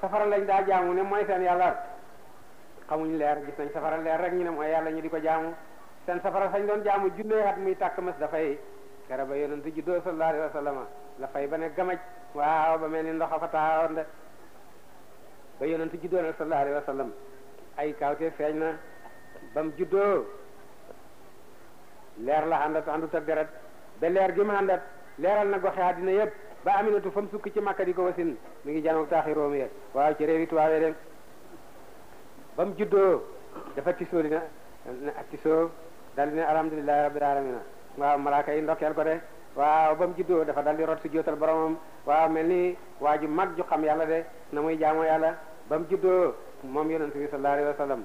safara lañ daa jaamu ne mooy seen yàlla xamuñ leer gis nañ safara leer rek ñu ne mooy yàlla ñu di ko jaamu seen safara sañ doon jaamu junne at muy tàkk mas dafay kere ba yonent juddoo sallallahu alayhi wa sallam la fay ba ne gamaj waaw ba mel ni ndox fa taawoon de ba yonent juddoo nag sallallahu alayhi ay kawte feeñ na bam juddoo leer la àndat àndut ak deret ba leer gi mu leeral na goxe àddina yëpp ba aminatu fa mu sukk ci makka di ko wasin mi ngi janoog taaxi room ya waaw ci réewi tubaab yi de ba mu juddoo dafa tisoo dina tisoo dal dina alhamdulilahi rabbil alamina waaw malaaka yi ndokkeel ko de waaw ba mu juddoo dafa dal di rot su jootal boromam waaw mel ni waa ju mag ju xam yàlla de na muy jaamoo yàlla ba mu juddoo moom yonent bi sallallahu alayhi wa sallam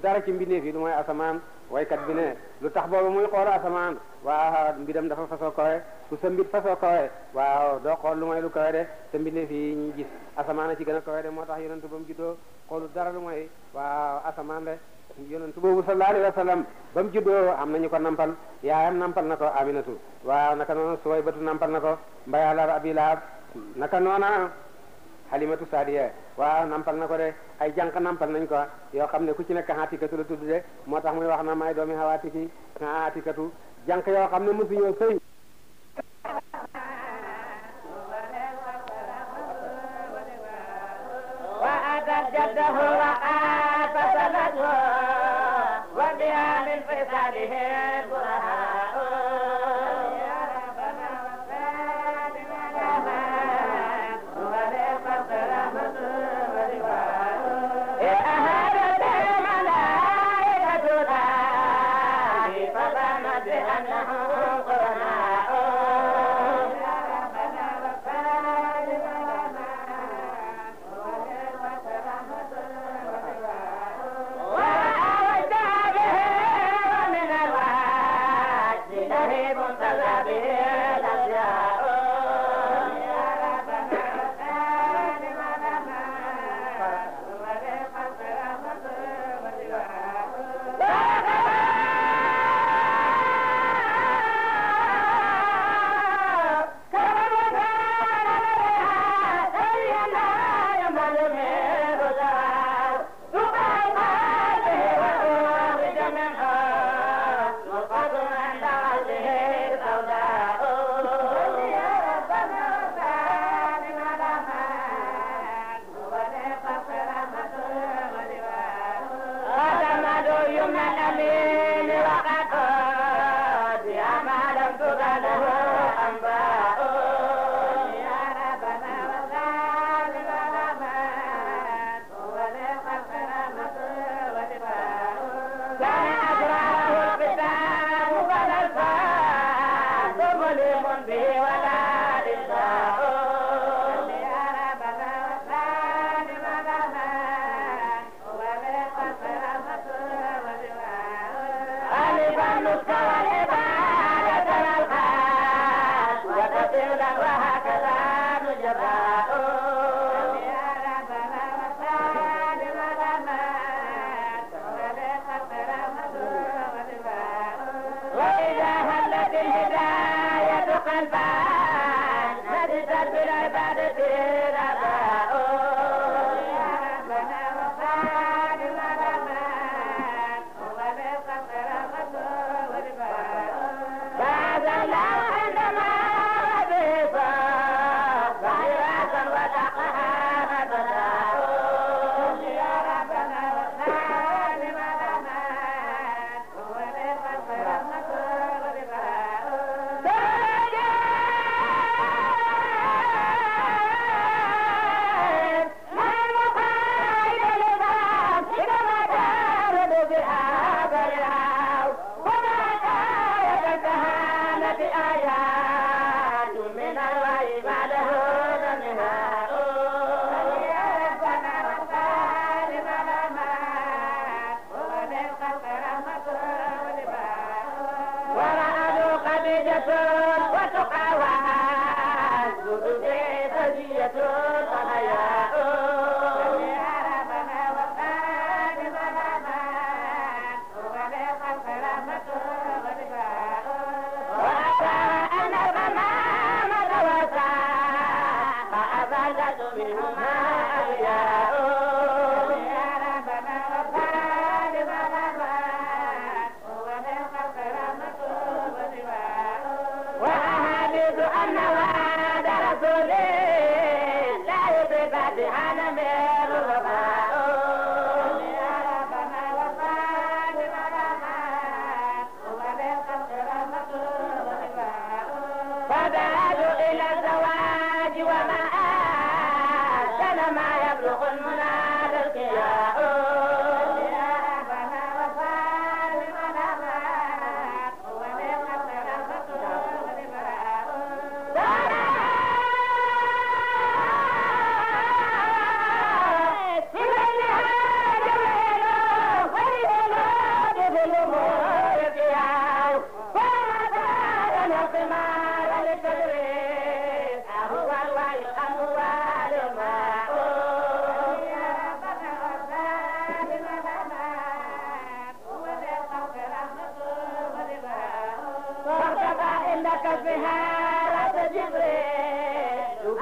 dara ci mbindeef yi lu mooy asamaan waykat bi ne lu tax boobu muy xool asamaan waaw mbiram dafa fasoo kawe ku sa mbir fasoo kawe waaw doo xool lu mooy lu kawe de sa mbinde fii ñuy asamaan a ci gën a kawe de moo tax yonentu ba mu juddoo xoolu dara lu mooy waaw asamaan de yonentu boobu sallallahu alayhi wa sallam juddoo am nañu ko nampal yaayam nampal na ko aminatu waaw naka noonu suwaybatu nampal na ko mbayaalaab abi laab naka noona halimatu saadiya waaw nampal na ko de ay janq nampal nañ ko yoo xam ne ku ci nekk atikatu la tudd de moo tax muy wax na may doomi xaw atiki atikatu jànq yoo xam ne mosuñoo sëy wa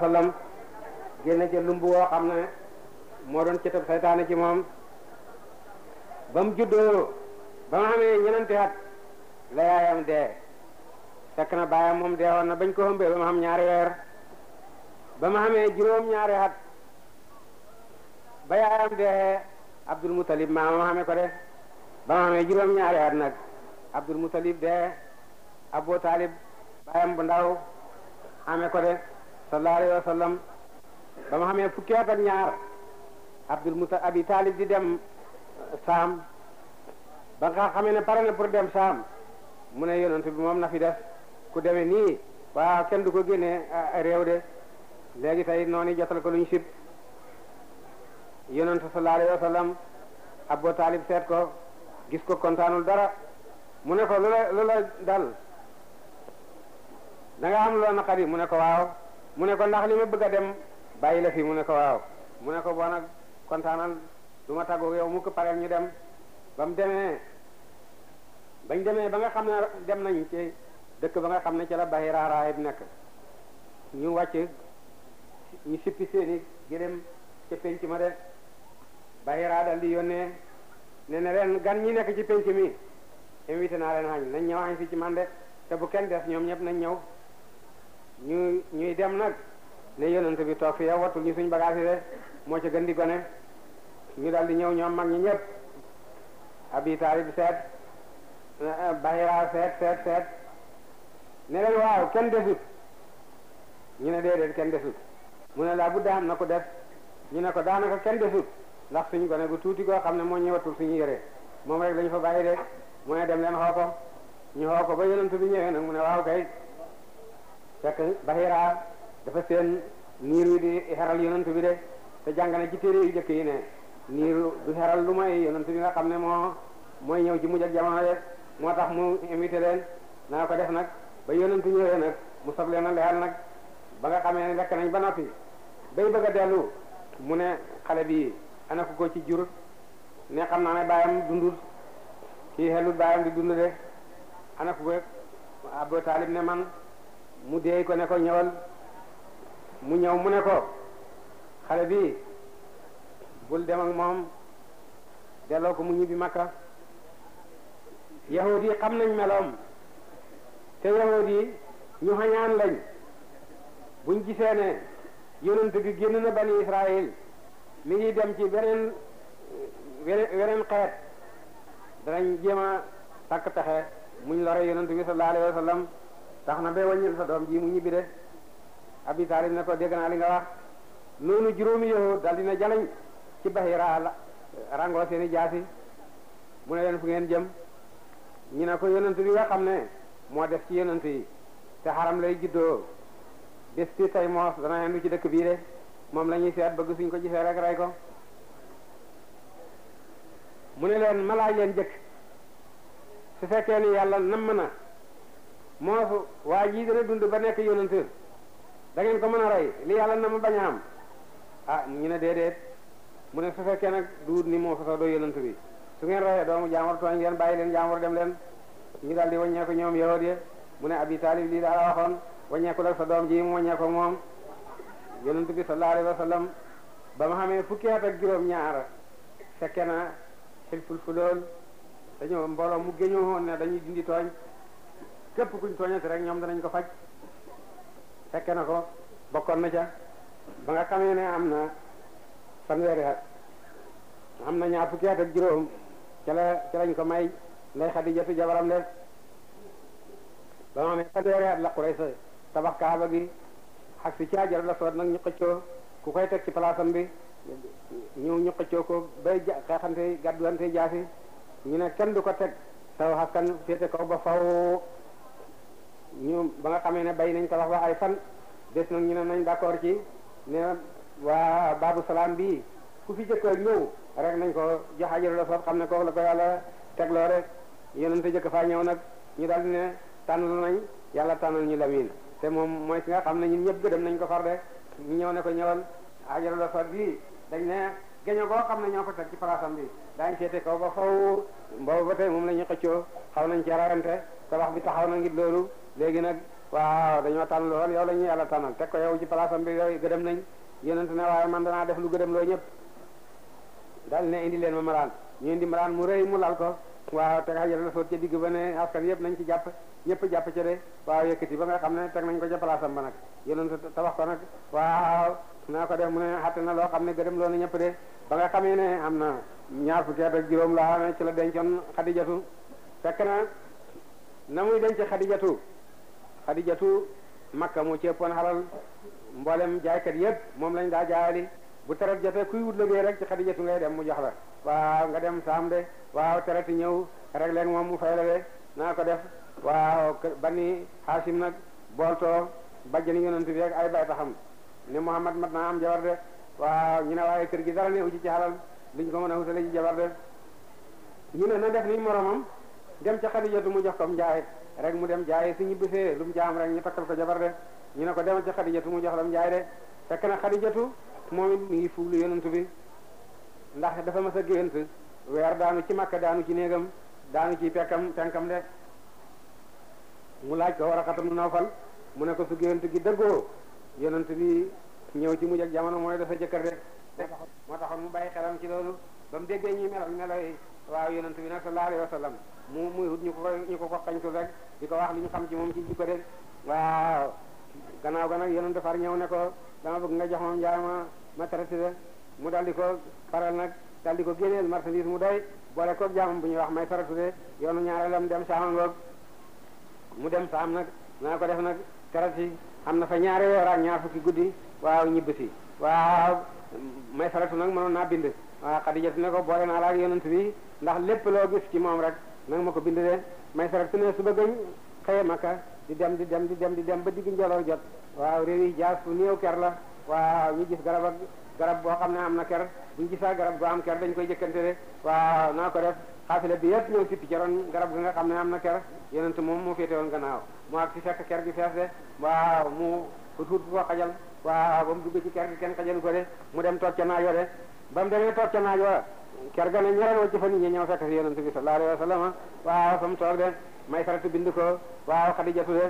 wa sallam génne ca lumb woo xam ne moo doon cëtëb saytaane ci moom ba mu juddoo ba mu amee ñenanti at la yaayam dee fekk na baayam moom deewoon na bañ ko ëmbee ba mu xam ñaari weer ba mu amee juróom ñaari at ba yaayam dee Abdul Mutalib maa ma xamee ko de ba mu amee juróom ñaari at nag Abdul Mutalib dee Abu Talib baayam bu ndaw xamee ko de sallallahu alayhi wa sallam ba ma xamee fukki at ñaar abdul taalib di dem saam ba nga xamee ne pare na pour dem saam mu ne yonent bi moom na fi des ku deme nii waa kenn du ko génnee réew de léegi tey noonu jotal ko lu ñu sib yonent sallallahu alayhi wa sallam taalib seet ko gis ko kontaanul dara mu ne ko lu la lu la dal da nga am loo naqari mu ne ko waaw mu ne ko ndax li ma bëgg a dem bàyyi la fii mu ne ko waaw mu ne ko boo nag kontaanal du ma tàggoog mu ko pareel ñu dem ba mu demee bañ demee ba nga xam ne dem nañ ci dëkk ba nga xam ne ci la Bahira bu nekk ñu wàcc ñu sippi seeni gëlëm ca penc ma de Bahira dal di yónnee ne ne ren gan ñu nekk ci penc mi invité naa leen añ nañ ñëw añ fi ci man de te bu kenn des ñoom ñëpp nañ ñëw ñu ñuy dem nag ne yonent bi toog fi yow wattul ñu suñ bagage yi moo ci gën di gone ñu daal di ñëw ñoom mag ñi ñëpp abi taalib seet eh, bahira seet seet seet ne leen waaw kenn desut ñu ne déedéet kenn desut mu ne laa budda am na ko def ñu ne ko daanaka kenn desut ndax suñ gone gu tuuti koo xam ne moo ñuy wattul suñu yére moom rek lañu fa bàyyi de mu ne dem leen xoo ko ñu xoo ko ba yonent bi ñëwee nag mu ne waaw kay fekk Bahira dafa seen niir wi di xeral yonent bi de te jàng na ci jëkk yi ne niir du xeral lu may yonent bi nga xam ne moo mooy ñëw ci mu ak jamono de moo tax mu invité leen naa ko def nag ba yonent ñëwee nag mu sob leen a leer nag ba nga xamee ne lekk nañ ba noppi bay bëgg a dellu mu ne xale bi ana ko ko ci jur ne xam naa ne baayam dundul kii xelul baayam di dund de ana ko ko Abu Talib ne man mu deey ko ne ko ñëwal mu ñëw mu ne ko xale bi bul dem ak moom delloo ko mu ñibbi makka yahudi yi xam nañ meloom te yahudi yi ñu xañaan lañ buñ gisee ne yonent gi génn na bani israil mi ngi dem ci beneen weneen xeet danañ jéem a sàkk pexe muñ lore yonent bi sallallahu alayhi wa sallam tax na ba wàññil sa doom ji mu ñibbi de abi taalib ne ko dégg naa li nga wax noonu juróomi yow dal dina jaleñ ci bahira la rango seeni jaasi mu ne leen fu ngeen jëm ñu ne ko yonent bi nga xam ne moo def ci yonent yi te xaram lay juddoo bés ci tey moos dana hendu ci dëkk bii de moom la ñuy seet bëgg suñ ko gisee rek rey ko mu ne leen ma laaj leen jëkk su fekkee ni yàlla namm na moo fu waa jii dana dund ba nekk yonent da ngeen ko mën a rey li yàlla na ma bañ a mu ah ñu ne déedéet mu ne su fekkee nag duut ni moo fa sax doo yonent bi su ngeen reyee doomu jaamur tooñ ngeen bàyyi leen jaamur dem leen ñu daal di wàññeeku ñoom yahud ya mu ne abi taalib lii daal a waxoon wàññeeku nag sa doom ji mu wàññeeku moom yonent bi sallallahu alayhi wa ba mu xamee fukki at ak juróom-ñaar fekke na xilful fulool dañoo mbooloo mu géñoo dañuy dindi tooñ képp kuñ tooñati rek ñoom danañ ko faj fekke na ko bokkoon na ca ba nga xamee ne am na fanweeri at am na ñaar fukki at juróom ca lañ ko may nday xadijatu jabaram def ba ma amee fanweeri at la Quraysh tabax kaaba gi ak ci caajar la soot nag ñu xëccoo ku koy teg ci palaasam bi ñu ñu xëccoo ko bay xeexante gàdduwante jaasi ñu ne kenn du ko teg saw xaskan féete kaw ba faw ñu ba nga xamee ne bay nañ ko wax ay fan des na ñu ne nañ d'accord ci ne waa baabu salaam bi ku fi jëkk ñëw rek nañ ko jox ajaru la soob xam ne kooku la ko yàlla tegloo rek yonente jëkk faa ñëw nag ñu daal di ne tànnal nañ yàlla tànnal ñu lamin te moom mooy ki nga xam ne ñun ñëpp gëdëm nañ ko far de ñu ñëw ne ko ñëwal ajaru la soob bii dañ ne geño boo xam ne ñoo ko teg ci palaasam bi daañ seete kaw ba faw mboobu ba tey moom la ñu xëccoo xaw nañ ci rarante bi taxaw na ngir loolu léegi nag waaw dañoo tànn lool yow la ñu yàlla tànnal teg ko yow ci palaasam bi yooyu gëdëm nañ yonent ne waaye man danaa def lu gëdëm loo ñëpp daal ne indi leen ma maraan ñu indi maraan mu rëy mu lal ko waaw teg xajal na soot ca digg ba ne askan yëpp nañ ci jàpp ñëpp jàpp ca de waaw yëkkati ba nga xam ne ko ca ba nag yonent tabax ko nag waaw naa ko def mu ne xatte na loo xam ne gëdëm loo na ñëpp de ba nga xamee ne am na ñaar fukki at ak juróom laa amee ci la dencoon xadijatu fekk na na muy denc xadijatu xadijatu makka moo ci ëppoon xalal mboolem jaaykat yëpp moom lañ daa jaayali bu traite jotee kuy wut liggéey rek ci xadijatu ngay dem mu jax la waaw nga dem saam de waaw traite ñëw rek leen moom mu fay la de naa ko def waaw bani xaasim nag booltoo bajjani yonent ni rek ay bay taxam ne Muhammad mat naa am ñu ne waaye kër gi dara neewu ci ci xalal duñ ko mën a wutale de ñu ne na def ni moromam dem ci xadijatu mu jox ko njaay rek mu dem jaay si ñibbisee lu mu jaam rek ñu takkal ko jabar de ñu ne ko demal ci xadijatu mu jox lam jaay de fekk na xadijatu moom it mi ngi fuulu yonent bi ndax dafa mas a gént weer daanu ci makka daanu ci néegam daanu ci pekkam penkam de mu laaj ko war a xatam nawfal mu ne ko su gént gi dëggoo yonent bi ñëw ci mu ak jamono mooy dafa jëkkër de moo taxoon mu bàyyi xelam ci loolu ba mu déggee ñuy melal melo yi waaw yonent bi nag sallallahu mu muy wut ñu ko ko ko xañ ko rek di ko wax li ñu xam ci moom ci ko de waaw gannaaw ga nag yéen defar ñëw ne ko dama nga jox moom njaay ma ma traité de mu daal di ko faral nag daal di ko génneel marchandise mu doy boole koog jaamam bu ñuy wax may traité de yoonu ñaareelam dem saam ngoog mu dem saam nag naa ko def nag traité am na fa ñaari weer guddi waaw ñibbisi waaw may faratu nag mënoon naa bind ko boole naa la ak lépp loo gis ci moom rek nanga ma ko bind de may faral su ne suba gañ xëye maka di dem di dem di dem di dem ba digg njoloo jot waaw réew yi jaas fu néew ker la waaw ñu gis garab ak garab boo xam ne am na ker buñ gisaa garab goo am dañ koy jëkkante de waaw naa ko def xaafila bi yëpp ñëw sippi garab ga nga xam ne am na ker yonent moom moo féete woon gannaaw mu ak si fekk ker gi fees de waaw mu hut hut bu ko xajal waaw ba mu dugg ci ker gi kenn xajalu ko de mu dem toog ca naajoo de ba mu demee toog ca naajoo cargale ña leen wajjëfal nit ñi ñëw fekk si yonent bi sallallahu alayhi wa sallam waaw sam toog de may saratu bind ko waaw xadijatu de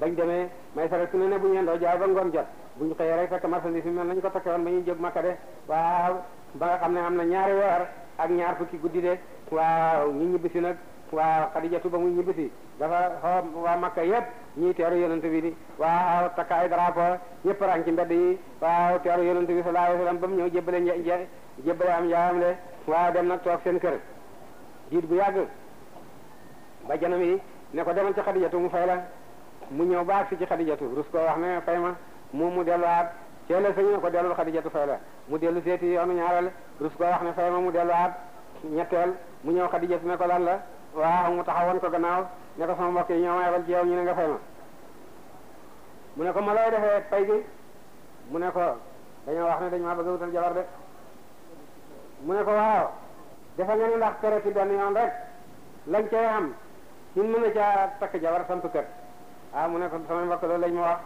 bañ demee may saratu ne ne bu ñeen doo jaay ba ngoon jot bu ñu xëyee rek fekk marchandise bi mel nañ ko takke woon ba jóg makka de waaw ba nga xam ne am na ñaar weer ak ñaar fukki guddi de waaw ñu ñibbisi nag waaw xadijatu ba muy ñibbisi dafa xoo waa makka yépp ñii teeru yonent bi di waaw takk ay drapeau ñëpp rang ci mbedd yi waaw teeru yonent bi sallallahu alayhi wa sallam jébbale am yaayam le waaw dem nag toog seen kër diit bu yàgg ba janam yi ne ko demal ci xadijatu mu fay la mu ñëw baag si ci xadijatu rus koo wax ne fay ma moom mu delluwaat ceele sañu ne ko mu dellu seeti yoonu ñaareel rus koo ne fay mu delluwaat ñetteel mu ñëw xadijatu ne ko lan la waaw mu taxawoon ko gannaaw ne ko sama mbokk yi ñoo ma yebal ci yow ñu ne nga fay ma mu ne ko ma lay defee fay gi mu ne ko dañoo wax ne dañ maa bëgg a wutal jabar de mu ne ko waaw defe nga ne ndax tere ci benn yoon rek lañ cay am ñu mën a caa takk jabar samp kër ah mu ne ko sama mbokk loolu lañ ma wax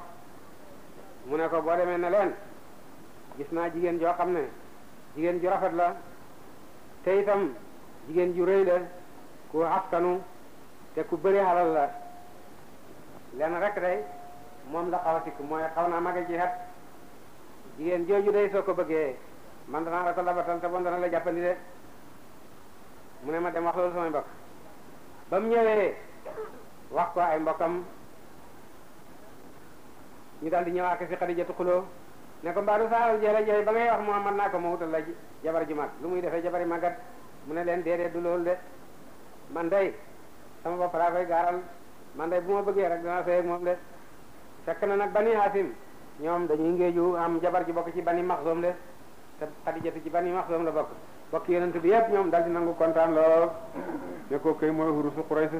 mu ne ko boo demee ne leen gis naa jigéen joo xam ne jigéen ju rafet la te itam jigéen ju rëy la ku askanu te ku bëri xalal la leen rek day moom la xaw a sikk mooy xaw naa mage ci xet jigéen jooju day soo ko bëggee man danaa la ko labatal te bon dana la jàppandi de mu ne ma dem wax loolu samay mbokk ba mu ñëwee wax ko ay mbokkam ñu daal di ñëwaat si Xadijatu xuloo ne ko mbaa du saaral jeela jooy ba ngay wax Muhammad naa ko ma wutal la jabar ji mag lu muy defee jabari màggat mu ne leen déedéet du loolu de man day sama bopp laa koy gaaral man day bu ma bëggee rek danaa sëy ak moom de fekk na nag bani Haasim ñoom dañuy ngéeju am jabar ji bokk ci bani Maxsum de te xadijatu ci bani maxsum la bokk bokk yonent bi yëpp ñoom dal di nangu kontaan loo ne ko kay mooy hurusu Quraysh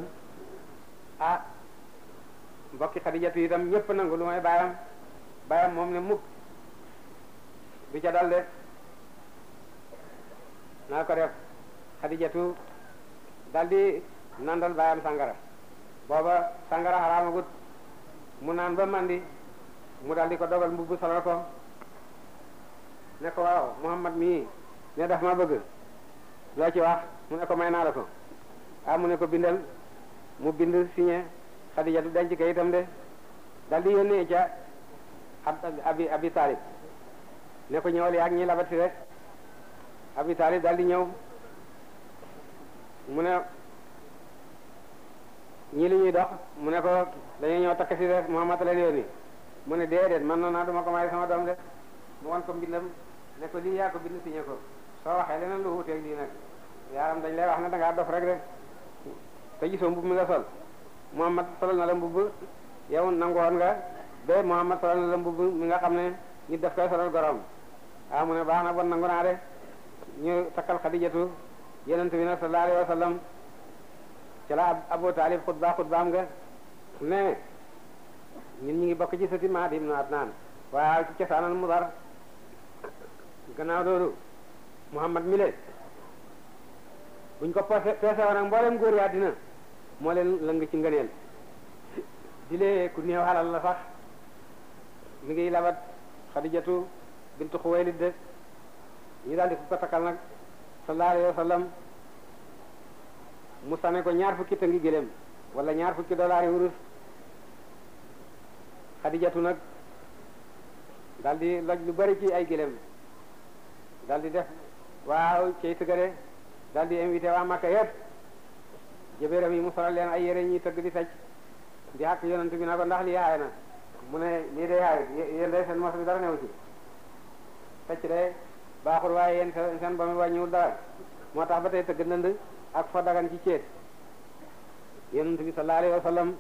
ah mbokki xadijatu itam ñëpp nangu lu may baaram baaram moom ne mukk du ca dal de naa ko def xadijatu dal nandal baaram sangara booba sangara xaraamagut mu naan ba mandi mu dal di ko dogal mbubb solal ko ne ko waaw Muhammad mii ne daf ma bëgg loo ci wax mu ne ko may naa la ko ah mu ne ko bindal mu bind signé Xadijatu denc kayitam de dal di yónnee ca abi abi Taalib ne ko ñëwal yaag ñi labati rek abi Taalib dal di ñëw mu ne ñii li ñuy dox mu ne ko dañuy ñëw takk si rek Muhammad leen yónni mu ne déedéet man noonu naa duma ko may sama doom de mu wan ko mbindam ne ko lii yaa ko bind signé soo waxee leneen lu wuuteeg lii nag yaaram dañ lay wax ne da ngaa dof rek de te gisoo mbubb mi nga sol Muhammad solal na la mbubb yow nangoon nga de Muhammad solal na la mbubb mi nga xam ne ñu daf koy solal gorom ah mu ne baax na bon nangu naa de ñu takkal Xadijatu yonent bi nag sallallahu wa sallam ci la Abu Taalib xutba xutbaam nga ne ñun ñu ngi bokk ci sëti Maadi ibnu Adnaan waaw ci cosaanal Mudar gannaaw loolu Muhammad mile buñ ko peese peese woon ak mboolem góor yi àddina moo leen lëng ci ngëneel di lee ku néew xalal la sax mi ngi labat xadijatu bintu xuwaylid de ñu daal di ko takkal nag sallallahu alayhi wa mu same ko ñaar fukki tëngi gëléem wala ñaar fukki dollar wurus xadijatu nag daldi di loj lu bari ci ay gëléem dal di def waa ceytu ga de dal di invité waa Makka yëpp jëbéeram yi mu solal leen ay yére ñi tëgg di tëj di xàkk yonent bi na ko ndax lii yaay na mu ne lii day yaay yéen seen mos bi dara new ci tëcc de baaxul waaye yéen seen seen wàññiwul dara moo tax ba tey tëgg ndënd ak fa dagan ci céet yonent bi sallallahu alayhi wa sallam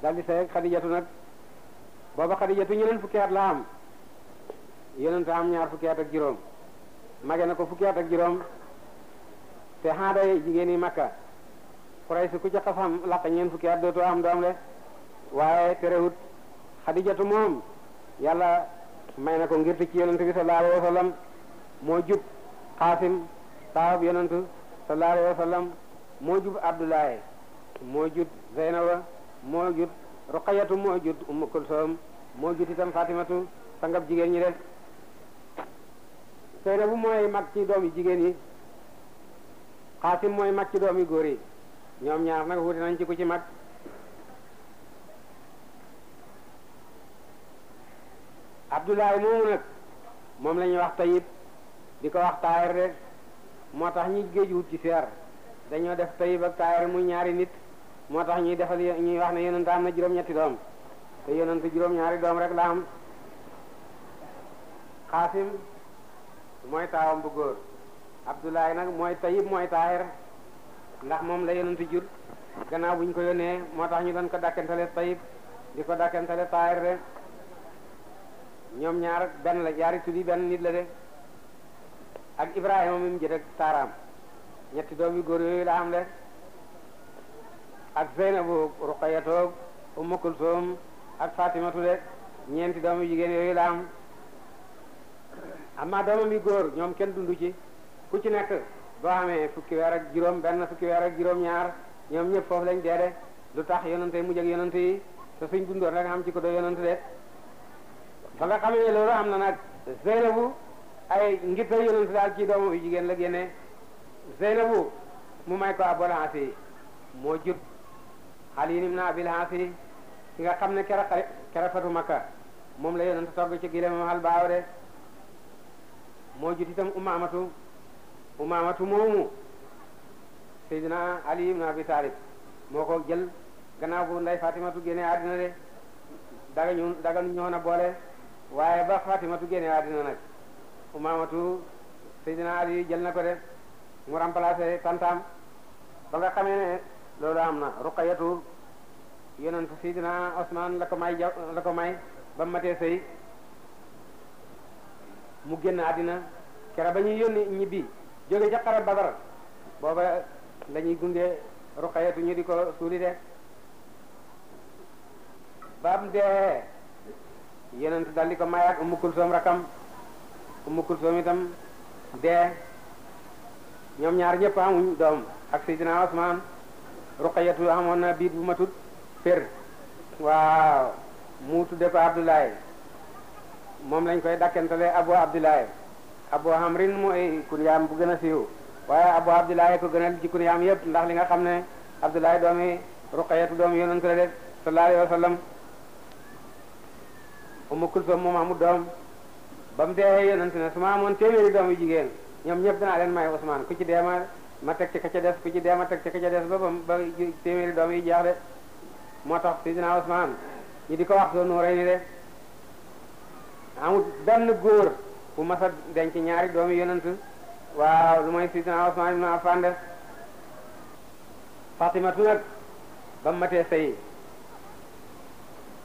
dal di sey xadijatu nag booba xadijatu ñeneen fukki at la am yonent am ñaar fukki at ak juróom mage na ko fukki at ak juróom te xaaday jigéen yi makka Quraysh ku ca xasam laq ñeen fukki at dootoo am doom le waaye terewut Xadijatu moom yàlla may na ko ngir ci yonent bi sallallahu alayhi wa sallam moo jub Xaasim taawab yonent sallallahu alayhi wa sallam moo jub Abdoulaye moo jut Zeynaba moo jut Ruqayatu moo jut Ummu Kulsum moo jut itam Fatimatu sangab jigéen ñi de nag mooy mag ci doom yi jigéen yi Xaasim mooy mag ci doom yi góor yi ñoom ñaar nag wuute nañ ci ku ci mag Abdoulaye moomu nag moom la ñuy wax tayib di ko wax taayir moo tax ñi géej wut ci seer dañoo def tayib ak taayir muy ñaari nit moo tax ñuy defal ñuy wax ne yonent am na juróom-ñetti doom te yonent juróom-ñaari doom rek la am mooy taawam bu góor Abdoulaye nag mooy Tayyib mooy Taahir ndax moom la yonent jur gannaaw buñ ko yónnee moo tax ñu doon ko dàkkantale Tayyib di ko dàkkantale Taahir de ñoom ñaar benn la ñaari tuddi benn nit la de ak Ibrahima mi mu jël ak ñetti doom yu góor yooyu la am de ak Zeynabu Ruqayatoog Ummu Kulsoom ak Fatimatu de ñeenti doom yu jigéen yooyu la am amma doomam yi góor ñoom kenn dundu ci ku ci nekk boo amee fukki weer ak juróom benn fukki weer ak juróom ñaar ñoom ñëpp foofu lañ deede lu tax yonante yi mujj ak yonante yi te suñ dundoon rek am ci ko do yonante de ba nga xamee loolu am na nag Zeynabu ay ngirta yonante daal ci doomam yu jigéen la génnee Zeynabu mu may ko Abul Aasi moo jut Aliyu ibn Abil Aasi nga xam ne kera kera fatu Makka moom la yonante togg ci gileemam xal baaw de moo jiitu tu umaamatu umaamatu moomu Seydina Ali ibn Abi Talib moo ko jël gannaaw bu nday Fatimatu génne àddina de daga ñu daga ñoo na boole waaye ba Fatimatu génne àddina nag umaamatu Seydina Ali jël na ko de mu remplacé tantam ba nga xamee ne loolu am na ruqayatu yonent Seydina Osman la ko may ba matee sëy mu génn àddina kera ba ñuy yónni ñibbi jóge ca xare Badar booba la ñuy gunge Ruqayatu ñu di ko suuli de bam dee yonent dal di ko mayaat Ummu Kulsoom rakam Ummu Kulsoom itam dee ñoom ñaar ñëpp amuñ doom ak Seydina Osmaan Ruqayatu amoon na biit bu matut pér waaw mu tudde ko Abdoulaye moom lañ koy dakkentale abu abdullahi abu hamrin mooy kunyaam bu gën a siiw waaye abu abdullahi ko gënal ci kunyaam yëpp ndax li nga xam ne abdullahi doomi ruqayatu doomi yonent la def sallallahu alayhi wa sallam umu kulsum moom amul doom ba mu dee yonent ne su ma amoon téeméeri doom yu jigéen ñoom ñëpp danaa leen may Ousmane ku ci dee ma ma teg ci ka ca des ku ci dee ma teg ci ka ca des ba ba téeméeri doom yi jeex de moo tax sidina Ousmane ñu di ko wax soo nuuree amul benn góor bu mas denc ñaari doomi yonent waaw lu mooy sidina Usmaan ibn Affaan def Fatimatu nag ba mu matee sëy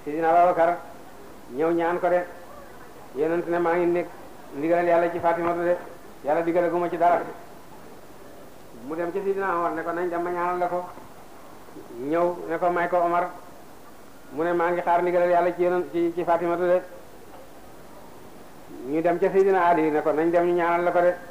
sidina Abubakar ñëw ñaan ko de yonent ne maa ngi nekk ndigalal yàlla ci Fatimatu de yàlla ma ci dara mu dem ci sidina Omar ne ko nañ dem ma ñaanal la ko ñëw ne ko may ko Omar mu ne maa ngi xaar ndigalal yàlla ci yonent ci ci Fatimatu de ñu dem ca Seydina Ali ne ko nañ dem ñu ñaanal la ko de